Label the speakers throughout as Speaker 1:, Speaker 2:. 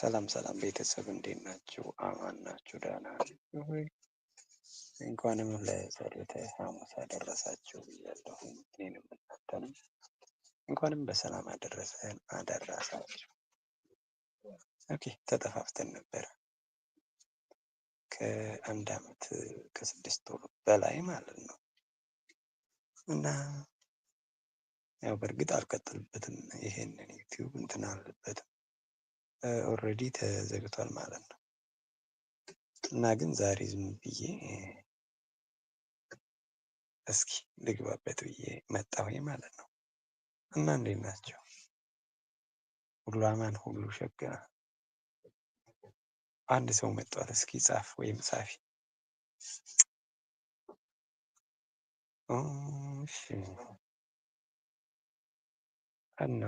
Speaker 1: ሰላም ሰላም ቤተሰብ እንዴት ናችሁ? አማን ናችሁ? ደህና ናችሁ ወይ? እንኳንም ለጸሎተ ሐሙስ አደረሳችሁ ብያለሁ። እኔንም እናንተንም እንኳንም በሰላም አደረሰን አደረሳችሁ። ኦኬ ተጠፋፍተን ነበረ ከአንድ አመት ከስድስት ወር በላይ ማለት ነው እና ያው በእርግጥ አልቀጥልበትም ይሄንን ዩቲዩብ እንትን አልበትም ኦልሬዲ ተዘግቷል ማለት ነው። እና ግን ዛሬ ዝም ብዬ እስኪ ልግባበት ብዬ መጣሁኝ ማለት ነው። እና እንዴት ናቸው? ሁሉ አማን፣ ሁሉ ሸጋ። አንድ ሰው መጥቷል። እስኪ ጻፍ ወይም ጻፊ። እሺ እና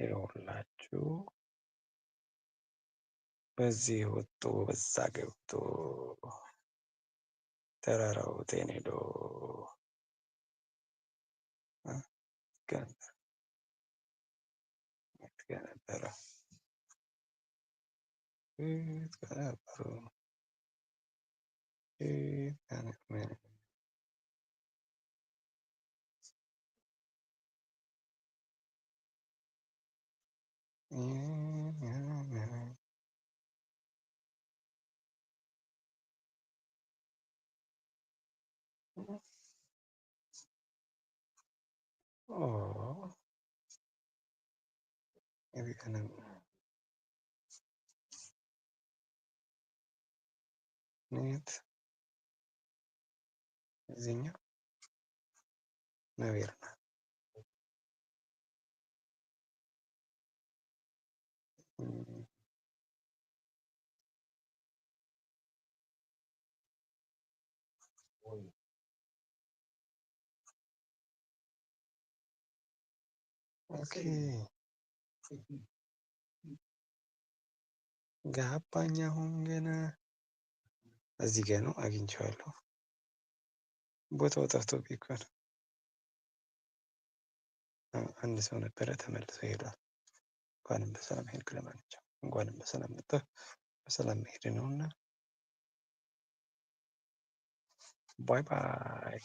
Speaker 1: ይረውላችሁ በዚህ ወጥቶ በዛ ገብቶ ተራራው ቴኔዶ ነበረ ነበረ Oh, every kind of net zinho, наверное. Oi. ገባኝ አሁን ገና እዚህ ጋ ነው አግኝቼዋለሁ። ቦታው ጠፍቶ እኮ አንድ ሰው ነበረ ተመልሶ ሄዷል። እንኳንም በሰላም ሄድክ ለማለት እንኳንም በሰላም መጣ። በሰላም መሄድ ነው እና ባይ ባይ።